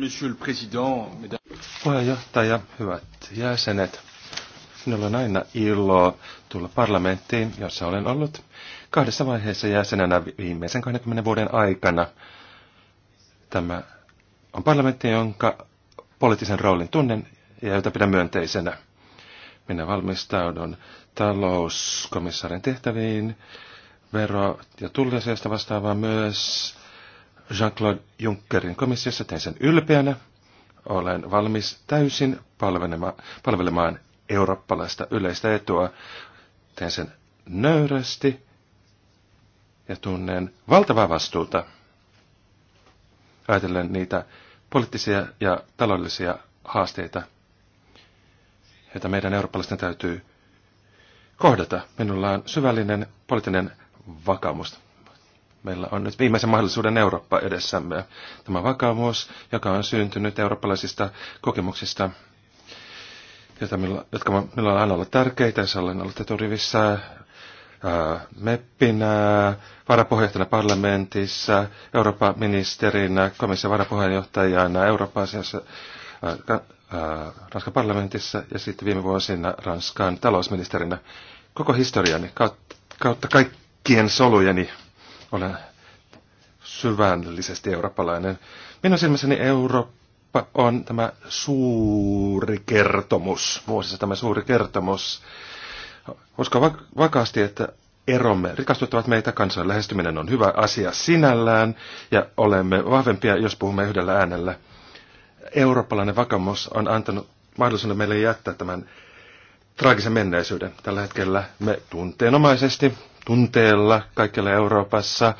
Monsieur le Président, mesdames... Puheenjohtaja, hyvät jäsenet. Minulla on aina ilo tulla parlamenttiin, jossa olen ollut kahdessa vaiheessa jäsenenä viimeisen 20 vuoden aikana. Tämä on parlamentti, jonka poliittisen roolin tunnen ja jota pidän myönteisenä. Minä valmistaudun talouskomissaarin tehtäviin, vero- ja tulliasioista vastaavaan myös Jean-Claude Junckerin komissiossa tein sen ylpeänä. Olen valmis täysin palvelemaan eurooppalaista yleistä etua. Tein sen nöyrästi ja tunnen valtavaa vastuuta. Ajatellen niitä poliittisia ja taloudellisia haasteita, joita meidän eurooppalaisten täytyy kohdata. Minulla on syvällinen poliittinen vakaumus Meillä on nyt viimeisen mahdollisuuden Eurooppa edessämme. Tämä vakaumus, joka on syntynyt eurooppalaisista kokemuksista, jota millä, jotka meillä on aina ollut tärkeitä, jos olen ollut eturivissä, meppinä, varapuheenjohtajana parlamentissa, Euroopan ministerinä, komission varapuheenjohtajana Euroopan asiassa, Ranskan parlamentissa ja sitten viime vuosina Ranskan talousministerinä. Koko historiani kautta kaikkien solujeni olen syvällisesti eurooppalainen. Minun silmässäni Eurooppa on tämä suuri kertomus, vuosissa tämä suuri kertomus. Uskon vakaasti, että eromme rikastuttavat meitä, kansan lähestyminen on hyvä asia sinällään, ja olemme vahvempia, jos puhumme yhdellä äänellä. Eurooppalainen vakamus on antanut mahdollisuuden meille jättää tämän traagisen menneisyyden. Tällä hetkellä me tunteenomaisesti, tunteella kaikkialla Euroopassa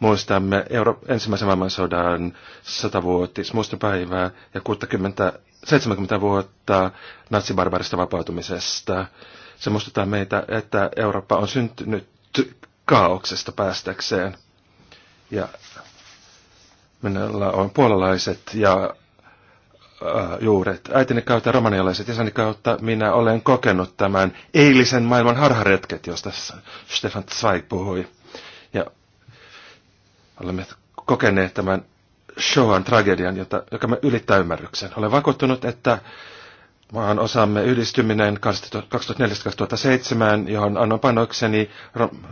muistamme Euro- ensimmäisen maailmansodan satavuotismuistopäivää ja 60, 70 vuotta natsibarbarista vapautumisesta. Se muistuttaa meitä, että Eurooppa on syntynyt kaauksesta päästäkseen. Ja minulla on puolalaiset ja Äh, juuret. Äitini kautta romanialaiset, isäni kautta minä olen kokenut tämän eilisen maailman harharetket, josta Stefan Zweig puhui. Ja olemme kokeneet tämän Shoan tragedian, jota, joka me ylittää ymmärryksen. Olen vakuuttunut, että maan osamme yhdistyminen 2004-2007, johon annan panokseni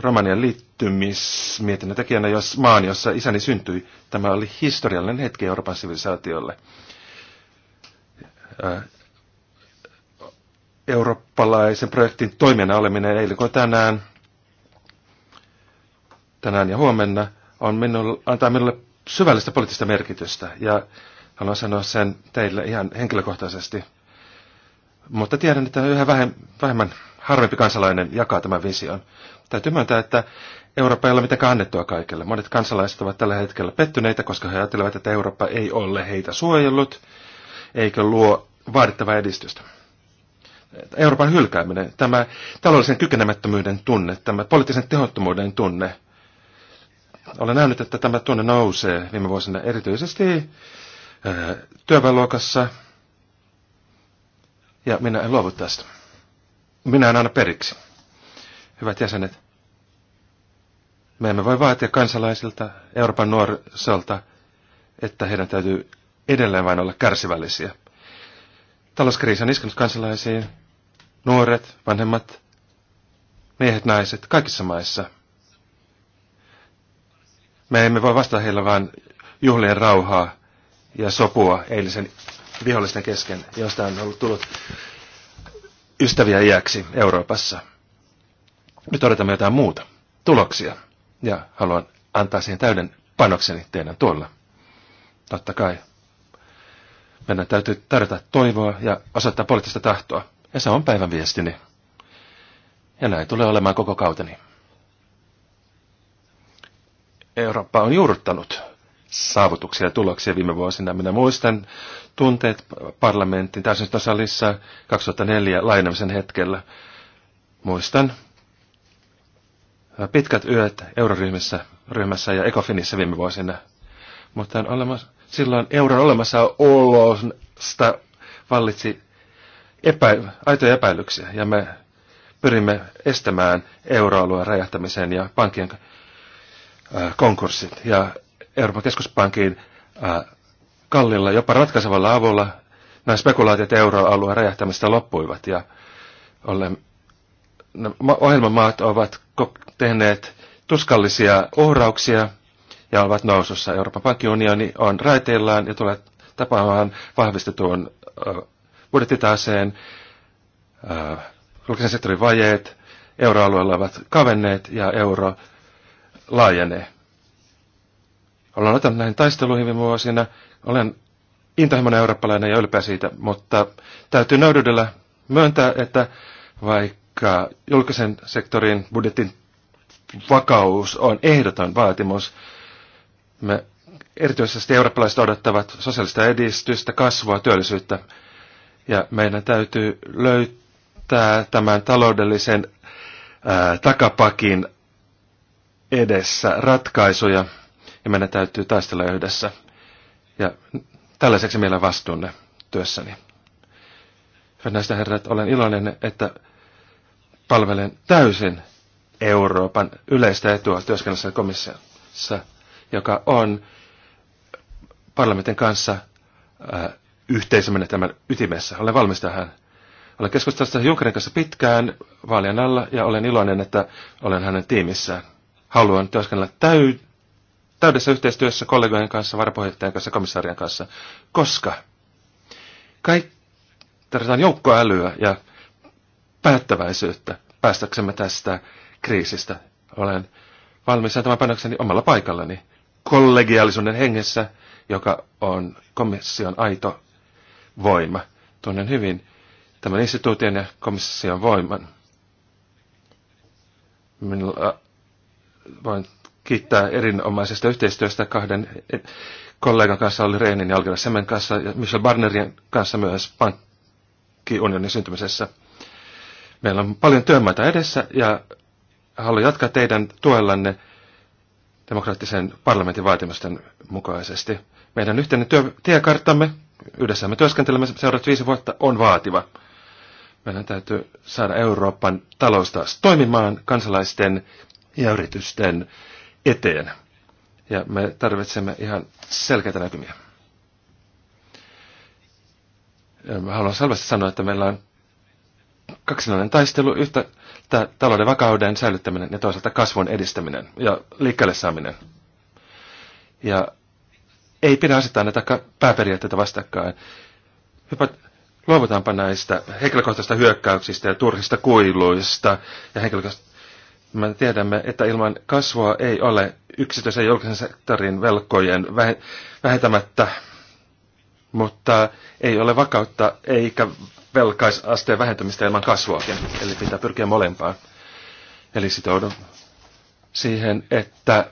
Romanian liittymismietinnön tekijänä, jos maan, jossa isäni syntyi. Tämä oli historiallinen hetki Euroopan sivilisaatiolle eurooppalaisen projektin toimijana oleminen eilen kuin tänään, tänään ja huomenna on minulle, antaa minulle syvällistä poliittista merkitystä ja haluan sanoa sen teille ihan henkilökohtaisesti. Mutta tiedän, että yhä vähemmän harvempi kansalainen jakaa tämän vision. Täytyy myöntää, että Eurooppa ei ole mitenkään annettua kaikille. Monet kansalaiset ovat tällä hetkellä pettyneitä, koska he ajattelevat, että Eurooppa ei ole heitä suojellut eikä luo vaadittavaa edistystä. Euroopan hylkääminen, tämä taloudellisen kykenemättömyyden tunne, tämä poliittisen tehottomuuden tunne. Olen nähnyt, että tämä tunne nousee viime vuosina erityisesti äh, työväenluokassa, ja minä en luovu tästä. Minä en anna periksi. Hyvät jäsenet, me emme voi vaatia kansalaisilta, Euroopan nuorisolta, että heidän täytyy edelleen vain olla kärsivällisiä. Talouskriisi on iskenut kansalaisiin, nuoret, vanhemmat, miehet, naiset, kaikissa maissa. Me emme voi vastata heillä vain juhlien rauhaa ja sopua eilisen vihollisten kesken, josta on ollut tullut ystäviä iäksi Euroopassa. Nyt odotamme jotain muuta, tuloksia, ja haluan antaa siihen täyden panokseni teidän tuolla. Totta kai. Meidän täytyy tarjota toivoa ja osoittaa poliittista tahtoa. Ja se on päivän viestini. Ja näin tulee olemaan koko kauteni. Eurooppa on juurruttanut saavutuksia ja tuloksia viime vuosina. Minä muistan tunteet parlamentin täysistuntosalissa 2004 lainamisen hetkellä. Muistan pitkät yöt euroryhmässä ryhmässä ja Ecofinissä viime vuosina. Mutta on olemassa silloin euron olosta vallitsi epä, aitoja epäilyksiä ja me pyrimme estämään euroalueen räjähtämisen ja pankkien äh, konkurssit. Ja Euroopan keskuspankin äh, kallilla, jopa ratkaisevalla avulla nämä spekulaatiot euroalueen räjähtämistä loppuivat. Ja olemme, ohjelmamaat ovat tehneet tuskallisia uhrauksia – ja ovat nousussa. Euroopan pankkiunioni on raiteillaan ja tulee tapaamaan vahvistetun budjettitaseen. Julkisen sektorin vajeet euroalueella ovat kavenneet ja euro laajenee. Olen ottanut näihin taisteluihin viime vuosina. Olen intohimoinen eurooppalainen ja ylpeä siitä, mutta täytyy nöydyydellä myöntää, että vaikka julkisen sektorin budjetin vakaus on ehdoton vaatimus, me erityisesti eurooppalaiset odottavat sosiaalista edistystä, kasvua, työllisyyttä. Ja meidän täytyy löytää tämän taloudellisen ää, takapakin edessä ratkaisuja ja meidän täytyy taistella yhdessä. Ja tällaiseksi meillä on vastuunne työssäni. Hyvät näistä herrat, olen iloinen, että palvelen täysin Euroopan yleistä etua työskennellessä komissiossa joka on parlamentin kanssa äh, yhteisömänä tämän ytimessä. Olen valmis tähän. Olen keskustellut Junckerin kanssa pitkään vaalien alla ja olen iloinen, että olen hänen tiimissään. Haluan työskennellä täy- täydessä yhteistyössä kollegojen kanssa, varapuheenjohtajan kanssa, komissaarien kanssa, koska kaikki tarvitaan joukkoälyä ja päättäväisyyttä päästäksemme tästä kriisistä. Olen valmis antamaan panokseni omalla paikallani kollegiaalisuuden hengessä, joka on komission aito voima. Tunnen hyvin tämän instituution ja komission voiman. Minulla voin kiittää erinomaisesta yhteistyöstä kahden kollegan kanssa, oli Reinin ja Algera Semen kanssa ja Michel Barnerin kanssa myös pankkiunionin syntymisessä. Meillä on paljon työmaita edessä ja haluan jatkaa teidän tuellanne demokraattisen parlamentin vaatimusten mukaisesti. Meidän yhteinen työ, tiekarttamme, yhdessä me työskentelemme seuraavat viisi vuotta, on vaativa. Meidän täytyy saada Euroopan talous taas toimimaan kansalaisten ja yritysten eteen. Ja me tarvitsemme ihan selkeitä näkymiä. haluan selvästi sanoa, että meillä on kaksinainen taistelu, yhtä talouden vakauden säilyttäminen ja toisaalta kasvun edistäminen ja liikkeelle saaminen. Ja ei pidä asettaa näitä pääperiaatteita vastakkain. Hypät, luovutaanpa näistä henkilökohtaisista hyökkäyksistä ja turhista kuiluista. Ja henkilökohtaisista... Me tiedämme, että ilman kasvua ei ole yksityisen julkisen sektorin velkojen vähentämättä, mutta ei ole vakautta eikä velkaisasteen vähentämistä ilman kasvuakin. Eli pitää pyrkiä molempaan. Eli sitoudun siihen, että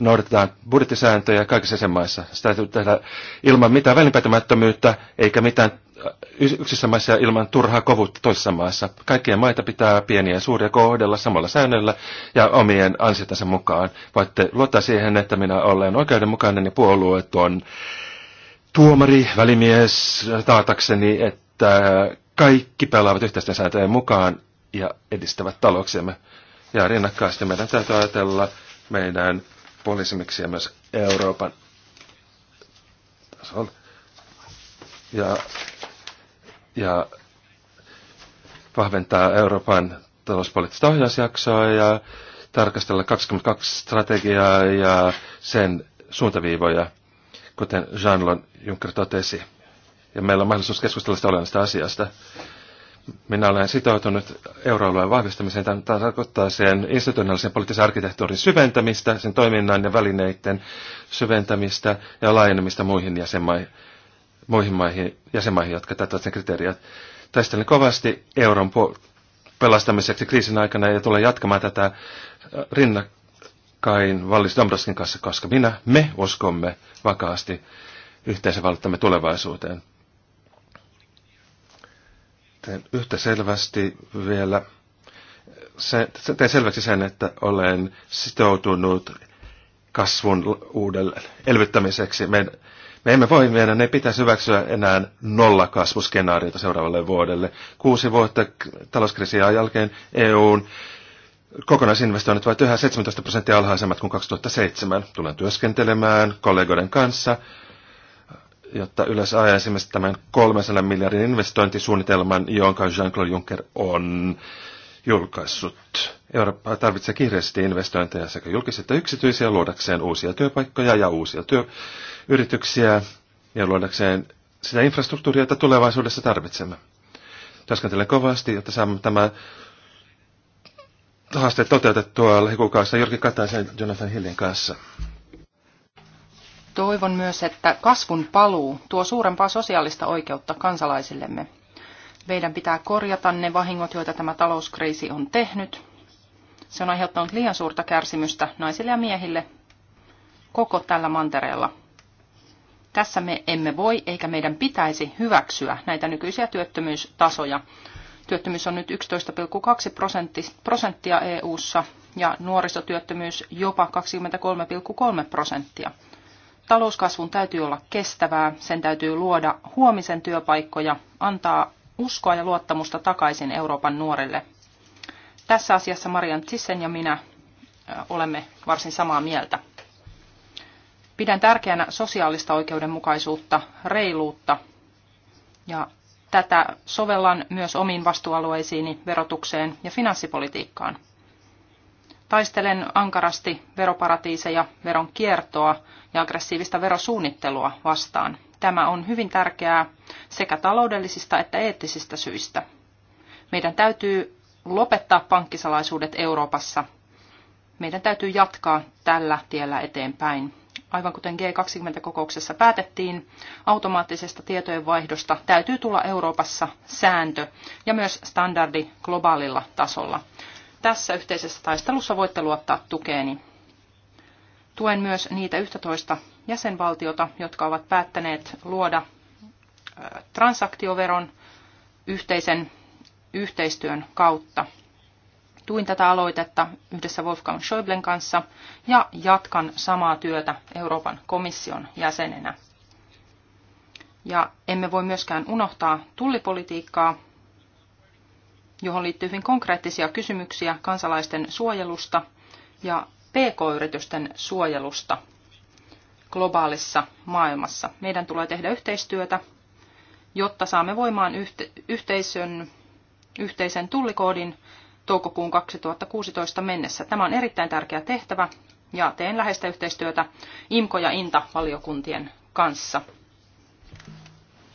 noudatetaan budjettisääntöjä kaikissa jäsenmaissa. Sitä täytyy tehdä ilman mitään välinpäätämättömyyttä, eikä mitään äh, yksissä maissa ilman turhaa kovuutta toisessa maassa. Kaikkien maita pitää pieniä ja suuria kohdella samalla säännöllä ja omien ansiotansa mukaan. Voitte luottaa siihen, että minä olen oikeudenmukainen ja puolueeton tuomari, välimies taatakseni, että että äh, kaikki pelaavat yhteisten sääntöjen mukaan ja edistävät talouksiamme. Ja rinnakkaasti meidän täytyy ajatella meidän ja myös Euroopan tasolla. Ja, ja vahventaa Euroopan talouspoliittista ohjausjaksoa ja tarkastella 22 strategiaa ja sen suuntaviivoja, kuten Jean-Lon Juncker totesi ja meillä on mahdollisuus keskustella sitä olennaista asiasta. Minä olen sitoutunut euroalueen vahvistamiseen. Tämä tarkoittaa sen institutionaalisen poliittisen arkkitehtuurin syventämistä, sen toiminnan ja välineiden syventämistä ja laajenemista muihin, jäsenmai, muihin maihin, jäsenmaihin, jotka täyttävät sen kriteeriat. Taistelen kovasti euron pelastamiseksi kriisin aikana ja tulen jatkamaan tätä äh, rinnakkain Vallis Dambroskin kanssa, koska minä, me uskomme vakaasti yhteisen tulevaisuuteen teen yhtä selvästi vielä, se, teen selväksi sen, että olen sitoutunut kasvun uudelle elvyttämiseksi. Me, me emme voi, meidän ne pitäisi hyväksyä enää nollakasvuskenaariota seuraavalle vuodelle. Kuusi vuotta talouskriisiä jälkeen EUn kokonaisinvestoinnit ovat yhä 17 prosenttia alhaisemmat kuin 2007. Tulen työskentelemään kollegoiden kanssa jotta yleensä esimerkiksi tämän 300 miljardin investointisuunnitelman, jonka Jean-Claude Juncker on julkaissut. Eurooppa tarvitsee kiireesti investointeja sekä julkisia että yksityisiä luodakseen uusia työpaikkoja ja uusia työyrityksiä ja luodakseen sitä infrastruktuuria, jota tulevaisuudessa tarvitsemme. Työskentelen kovasti, jotta saamme tämä haaste toteutettua lähikuukausissa Jyrki Kataisen Jonathan Hillin kanssa. Toivon myös, että kasvun paluu tuo suurempaa sosiaalista oikeutta kansalaisillemme. Meidän pitää korjata ne vahingot, joita tämä talouskriisi on tehnyt. Se on aiheuttanut liian suurta kärsimystä naisille ja miehille koko tällä mantereella. Tässä me emme voi eikä meidän pitäisi hyväksyä näitä nykyisiä työttömyystasoja. Työttömyys on nyt 11,2 prosenttia EU:ssa ja nuorisotyöttömyys jopa 23,3 prosenttia. Talouskasvun täytyy olla kestävää, sen täytyy luoda huomisen työpaikkoja, antaa uskoa ja luottamusta takaisin Euroopan nuorille. Tässä asiassa Marian Tissen ja minä olemme varsin samaa mieltä. Pidän tärkeänä sosiaalista oikeudenmukaisuutta, reiluutta ja tätä sovellan myös omiin vastuualueisiini, verotukseen ja finanssipolitiikkaan. Taistelen ankarasti veroparatiiseja, veron kiertoa ja aggressiivista verosuunnittelua vastaan. Tämä on hyvin tärkeää sekä taloudellisista että eettisistä syistä. Meidän täytyy lopettaa pankkisalaisuudet Euroopassa. Meidän täytyy jatkaa tällä tiellä eteenpäin. Aivan kuten G20-kokouksessa päätettiin, automaattisesta tietojenvaihdosta täytyy tulla Euroopassa sääntö ja myös standardi globaalilla tasolla tässä yhteisessä taistelussa voitte luottaa tukeeni. Tuen myös niitä 11 jäsenvaltiota, jotka ovat päättäneet luoda transaktioveron yhteisen yhteistyön kautta. Tuin tätä aloitetta yhdessä Wolfgang Schäublen kanssa ja jatkan samaa työtä Euroopan komission jäsenenä. Ja emme voi myöskään unohtaa tullipolitiikkaa, johon liittyy hyvin konkreettisia kysymyksiä kansalaisten suojelusta ja pk-yritysten suojelusta globaalissa maailmassa. Meidän tulee tehdä yhteistyötä, jotta saamme voimaan yhteisön, yhteisen tullikoodin toukokuun 2016 mennessä. Tämä on erittäin tärkeä tehtävä ja teen läheistä yhteistyötä IMKO- ja INTA-valiokuntien kanssa.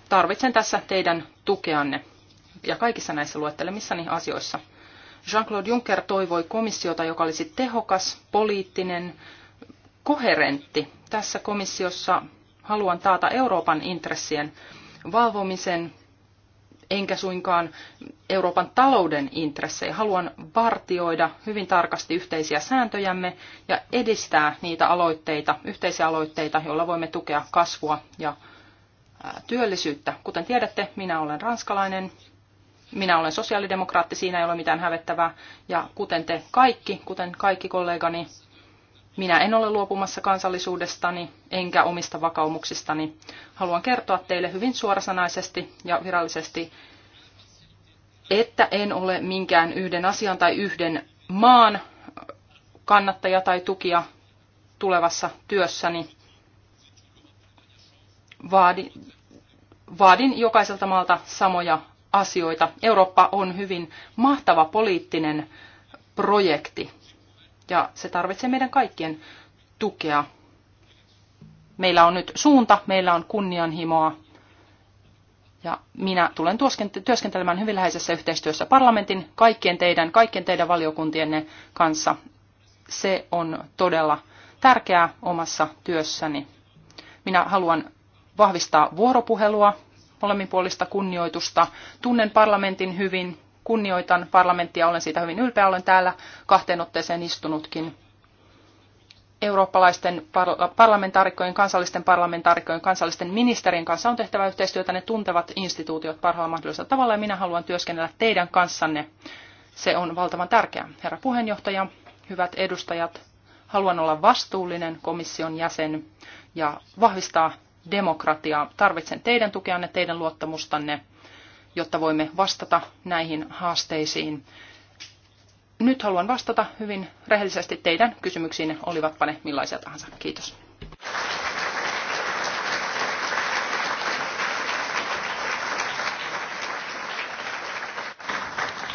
Tarvitsen tässä teidän tukeanne ja kaikissa näissä luettelemissani asioissa. Jean-Claude Juncker toivoi komissiota, joka olisi tehokas, poliittinen, koherentti. Tässä komissiossa haluan taata Euroopan intressien valvomisen, enkä suinkaan Euroopan talouden intressejä. Haluan vartioida hyvin tarkasti yhteisiä sääntöjämme ja edistää niitä aloitteita, yhteisiä aloitteita, joilla voimme tukea kasvua ja työllisyyttä. Kuten tiedätte, minä olen ranskalainen minä olen sosiaalidemokraatti, siinä ei ole mitään hävettävää. Ja kuten te kaikki, kuten kaikki kollegani, minä en ole luopumassa kansallisuudestani enkä omista vakaumuksistani. Haluan kertoa teille hyvin suorasanaisesti ja virallisesti, että en ole minkään yhden asian tai yhden maan kannattaja tai tukija tulevassa työssäni. Vaadin, vaadin jokaiselta maalta samoja asioita. Eurooppa on hyvin mahtava poliittinen projekti ja se tarvitsee meidän kaikkien tukea. Meillä on nyt suunta, meillä on kunnianhimoa ja minä tulen työskentelemään hyvin läheisessä yhteistyössä parlamentin, kaikkien teidän, kaikkien teidän valiokuntienne kanssa. Se on todella tärkeää omassa työssäni. Minä haluan vahvistaa vuoropuhelua molemminpuolista kunnioitusta. Tunnen parlamentin hyvin, kunnioitan parlamenttia, olen siitä hyvin ylpeä, olen täällä kahteen otteeseen istunutkin eurooppalaisten parlamentaarikkojen, kansallisten parlamentaarikkojen, kansallisten ministerien kanssa on tehtävä yhteistyötä. Ne tuntevat instituutiot parhaalla mahdollisella tavalla ja minä haluan työskennellä teidän kanssanne. Se on valtavan tärkeää. Herra puheenjohtaja, hyvät edustajat, haluan olla vastuullinen komission jäsen ja vahvistaa demokratiaa. Tarvitsen teidän tukeanne, teidän luottamustanne, jotta voimme vastata näihin haasteisiin. Nyt haluan vastata hyvin rehellisesti teidän kysymyksiinne, olivatpa ne millaisia tahansa. Kiitos.